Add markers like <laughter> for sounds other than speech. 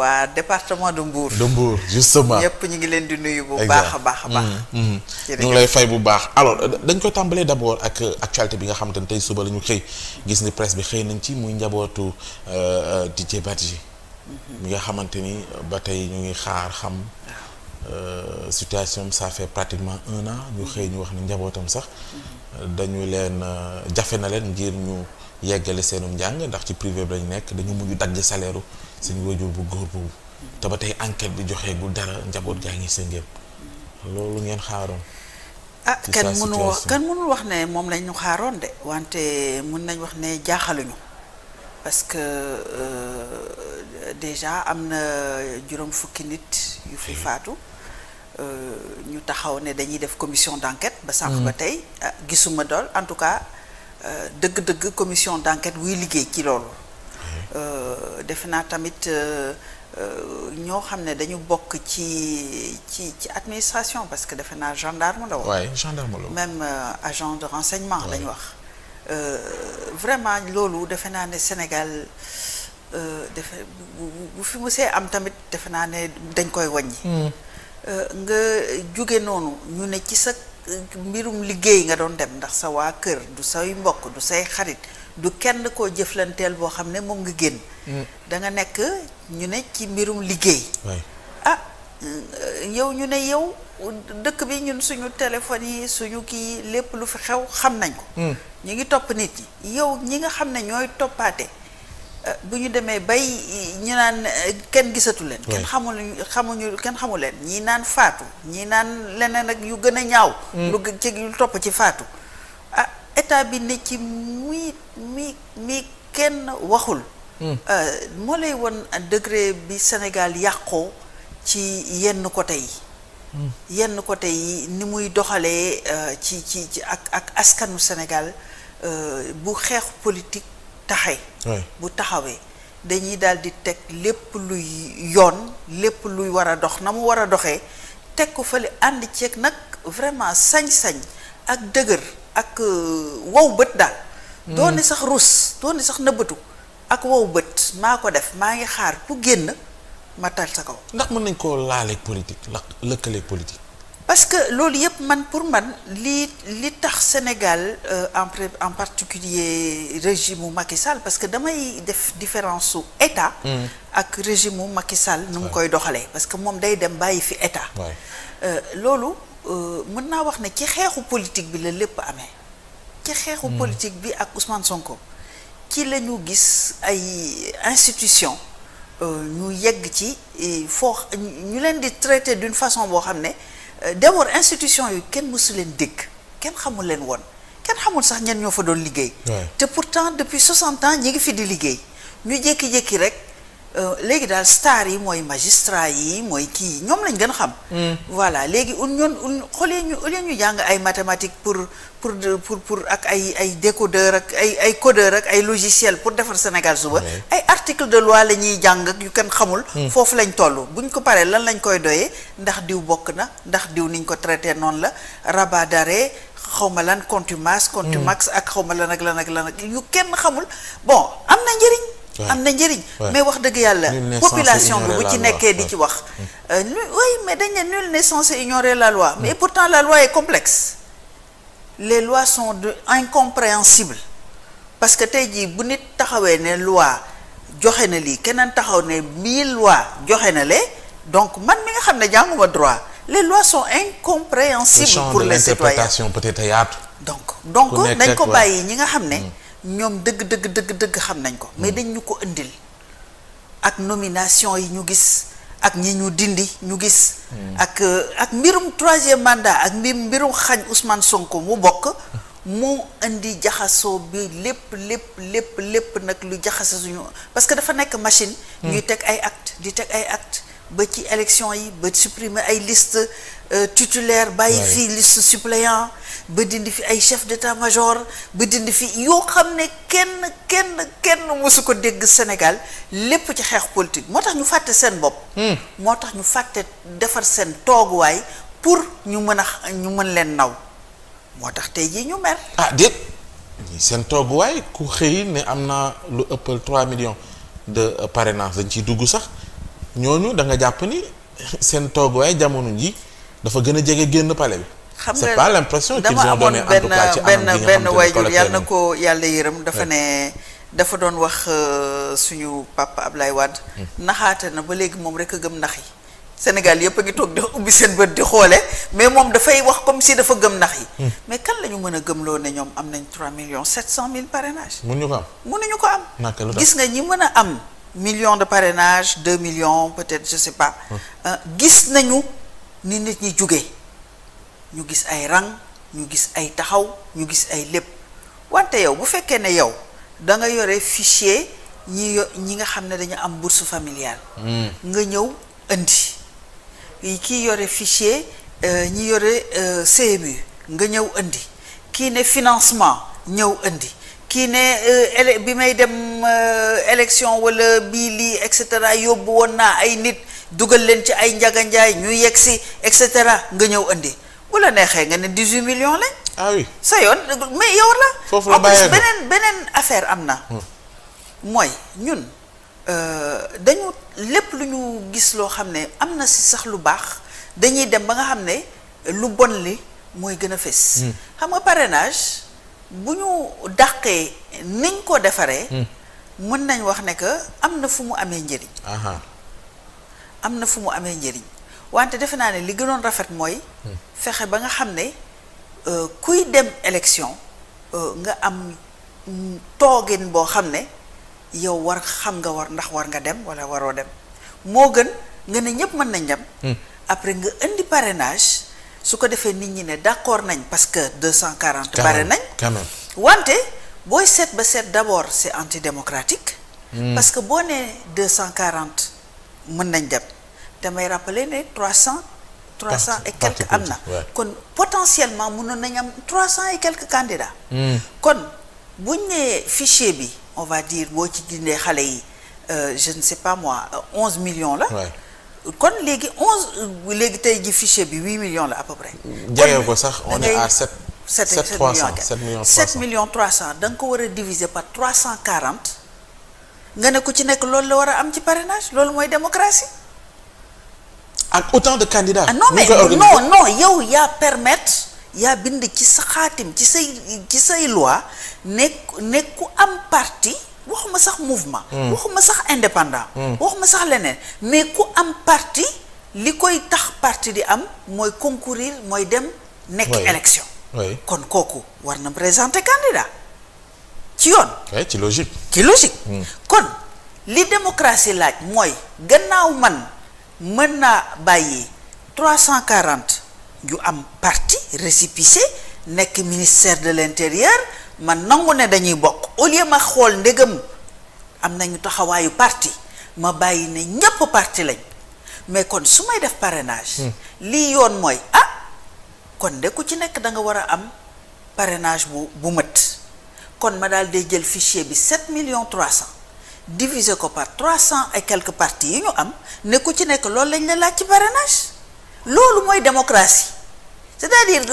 waa département de Mbour. de Mbour justement ñëpp ñu ngi leen di nuyu bu baax a baax a baax. Mm-hmm. Mm-hmm. ñu ngi lay fay bu baax alors euh, dañ koy tàmbalee d' abord ak euh, actualité bi nga xamante ne tey suba la ñu xëy gis ni presse xëy nañ ci muy njabootu euh, DJ Badji. Mm-hmm. mi nga xamante ni ba tey ñu ngi xaar xam. Euh, situation ça fait pratiquement un an ñu xëy ñu wax ni njabootam sax dañu leen jafe na leen ngir ñu yeggale seenum njàng ndax ci privé bi lañ nekk dañu mujj dagg salaire suñu wajur bu góor boobu te ba tey enquête bi joxee joxeegul dara njaboot gaa ngi sëngéem loolu ngeen xaaroon ah kan mënu kan mënul wax ne moom lañ ñu xaaroon de wante mën nañ wax ne jaaxaluñu parce que euh, déjà am na juróom fukki nit yu fi faatu euh, ñu taxaw ne dañuy def commission d'enquête ba sànq mm. ba tey ah, gisuma dool en tout cas euh, dëgg-dëgg commission d'enquête wuy liggéey ci loolu Euh, defe naa tamit euh, euh, ñoo xam ne dañu bokk ci ci ci administration parce que defe naa gendarme la woon. waaye gendarme la woon agent de renseignement. lañu wax vraiment loolu defe naa ne Sénégal. defe bu fi mu see am tamit defe naa ne dañ koy wàññi. Hmm. nga jóge noonu ñu ne ci sa mbirum liggéey nga doon dem ndax sa waa kër du say mbokk du say xarit. du kenn koo jëflanteel boo xam ne moom ngi génn mm. da nga nekk ñu ne ci mbirum liggéey ah yow ñu ne yow dëkk bi ñun suñu téléphone yi suñu kii lépp lu fi xew xam nañ mm. ñu ngi topp nit yi yow ñi nga xam ne ñooy toppaate eh, bu ñu demee bay ñu naan eh, kenn gisatu leen kenn xamuñu kenn xamu leen ñii naan faatu ñi naan leneen ak yu gën a ñaaw mm. lu ci lu topp ci faatu état bi ne ci kenn waxul hmm. euh, moo lay won degré bi Sénégal yàqoo ci yenn côté yi hmm. yenn côté yi ni muy doxalee euh, ci ci ci ak ak askanu Sénégal euh, bu xeex politique taxe bu taxawee dañuy daal di teg lépp luy yoon lépp luy war a dox na mu war a doxee teg ko fële ànd ceeg nag vraiment sañ-sañ ak dëgër ak euh, wow bët daal hmm. doon ni sax rus doon ni sax nëbbatu ak wow bët maa ko def maa ngi xaar ku génn ma tal sa kaw ndax mën nañ koo laaleeg politique la lëkkaleeg politique parce que loolu yëpp man pour man li li tax Sénégal euh, en en particulier régime mu Macky Sall parce que damay def différence su état. Hmm. ak régime mu Macky Sall nu mu koy doxalee. parce que moom day dem bàyyi fi état. Ouais. Euh, loolu Euh, mën naa wax ne ci xeexu politique bi la lépp amee. ci xeexu hmm. politique bi ak Ousmane Sonko. ci la ñu gis ay institution euh, ñu yegg ci foo ñu leen di traité d'une façon boo xam ne euh, d'abord institution yu kenn mësu leen dégg kenn xamul leen woon kenn xamul sax ñen ñoo fa doon liggéey. te pourtant depuis 60 ans ñi ngi fi di liggéey ñu jékki-jékki rek. Euh, léegi daal star yi mooy magistrat yi mooy kii yi ñoom lañ gën xam. Hmm. voilà léegi ñoon xoolee ñu xoolee ñu jàng ay mathématiques pour pour pour pour ak ay ay décodeur ak ay ay codeur ak ay logicielle pour defar Sénégal suba. ay article de loi la ñuy jàng ak yu kenn xamul. Hmm. foofu lañ toll buñ ko paree lan lañ koy doyee ndax diw bokk na ndax diw niñ ko traité noonu la rabat d'arrêt xawma lan contumace. contumax hmm. ak xawma lan ak lan ak lan ak yu kenn xamul bon am na njëriñ. am na njëriñ mais wax dëgg yàlla population bi bu ci nekkee di ci wax euh, oui mais dañ ne nul n'est censé ignorer la loi mais mm. pourtant la loi est complexe les lois sont de incompréhensibles parce que tey jii bu nit taxawee ne loi joxe na lii keneen taxaw ne mille loi joxe na lee donc man mi nga xam ne jànguma droit les lois sont incompréhensibles pour les citoyens peut-être yaatu donc donc nañ ko bàyyi ñi nga xam ne mm. ñoom dëgg dëgg dëgg xam nañ ko mais mm. dañ ñu ko indil ak nomination yi ñu gis ak ñi ñu dindi ñu gis mm. ak euh, ak mbirum troisième mandat ak mbir mbirum xañ Ousmane Sonko mu bokk <laughs> moo indi jaxasoo bi lépp lépp lépp lépp nag lu jaxasoo suñu parce que dafa nekk machine mm. ñuy teg ay acte di teg ay acte ba ci élection yi ba supprimer ay liste euh, titulaire bàyyi fi liste suppléant ba dindi fi ay chef d'état-major ba dindi fi yoo xam ne kenn kenn kenn mosu ko dégg Sénégal lépp ci xeex politique moo tax ñu fàtte seen bopp hmm. moo tax ñu fàtte defar seen tooguwaay pour ñu mën a ñu mën leen naw moo tax tey jii ñu mer ah déet seen tooguwaay ku xëy ne am na lu ëppal 3 millions de euh, parrainage dañ ciy dugg sax ñooñu da nga jàpp ni seen tooguwaay jamono ji dafa gën a jege génn palais bi. xam nga c'est pas l'impression qu'ils ont donné en tout cas ci anam gi nga benn yàlla ko yàlla yërëm dafa ne dafa doon wax euh, suñu papa Ablaye Wade. Mm. naxaate na ba léegi moom rek a gëm nax yi. Sénégal yëpp a ngi toog di ubbi seen bët di xoole mais moom dafay wax comme si dafa gëm nax yi. Mm. mais kan la ñu mën a gëm loo ne ñoom am nañ 3 millions 700 mille parrainage. mënuñu ko am mënuñu ko am. gis nga ñi mën a million de parenage deux millions peut-être je sais pas euh, gis nañu ni nit ñi jugee ñu gis ay rang ñu gis ay taxaw ñu gis ay lépp wante yow bu fekkee ne yow da nga yore fichier ñi yo ñi nga xam ne dañu am bourse familiale hmm. nga ñëw indi kii yore fichier euh, ñi yore euh, CMU nga ñëw indi kii ne financement ñëw indi kii ne euh, ele bi may dem euh, élection wala bii lii et cetera yóbbu woon naa ay nit dugal leen ci ay njaganjaay ñu yegg si et cetera nga ñëw indi bu la neexee nga ne dix-huit millions lañ. ah oui sa yoon mais yow la. foofu la bàyyeekoo beneen beneen affaire am na. Hmm. mooy ñun euh, dañu lépp lu ñu gis loo xam ne am na si sax lu baax dañuy dem ba nga xam ne lu bon li mooy gën a fës. Hmm. xam nga parrainage. bu ñu dàqee niñ ko defaree hmm. mën nañ wax ne que am na fu mu amee njëriñ am na fu mu amee njëriñ wante defe naa ne li gënoon rafet mooy hmm. fexe ba nga xam ne euh, kuy dem élection euh, nga am toogin boo xam ne yow war xam nga war ndax war nga dem walla waroo dem moo gën nga ne ñëpp mën nañ dem hmm. après nga indi parrainage su ko defee nit ñi ne d'accord nañ parce que 240 bare nañ quand même wante booy seet ba seet d'abord c'est antidémocratique mm. parce que boo nee 240 mën nañ dem may rappeler ne trois 300 300 et quelques am na kon potentiellement mënoon nañ am 300 et quelques candidats hmm. kon buñ nee fichier bi on va boo ci dindee xale yi euh, je ne sais pas moi 11 euh, millions la kon léegi onze léegi tey ji fichier bi huit millions la à peu près. jege ko sax on est à sept. sept trois cent sept millions trois cent sept ko war a diviser par trois cent quarante nga ne ku ci nekk loolu la war a am ci parrainage loolu mooy démocratie. ak autant de candidats. Ah, non mais non non yow yaa permettre. yaa bind ci sa xaatim ci say ci say loi ne ne ku am parti. waxuma sax mouvement hmm. waxuma sax indépendant hmm. waxuma sax leneen mais ku am parti li koy tax parti di am mooy concourir mooy dem nekk élection kon kooku war na présenter candidat ci yoon ci logique ci logique hmm. kon li démocratie laaj mooy gannaaw man mën naa bàyyi cent quarante yu am parti récépissé nekk ministère de l'intérieur ma nangu ne dañuy bokk au lieu ma xool ndegam am nañu taxawaayu parti ma bàyyi ne ñépp parti lañ mais kon su may def parrainage hmm. lii yoon mooy ah kon de ci nekk da nga war a am parenage bu bu mët kon ma daal di jël fichier bi million millions 300 diviser ko par 300 ay quelques partis yi ñu am nekku ci nekk loolu lañ la laaj ci parrainage loolu mooy démocratie c'est-à-dire